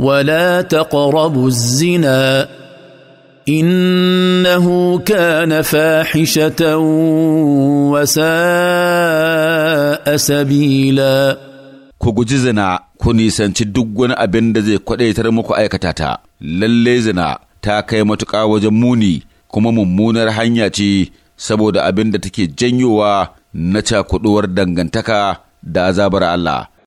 ولا تقربوا الزنا انه كان فاحشه وساء سبيلا ku guji zina ku nisanci duk wani abin da zai kwadaitar muku aikata ta lalle zina ta kai matuƙa wajen muni kuma mummunar hanya ce saboda abin da take janyowa na cakuɗuwar dangantaka da azabar Allah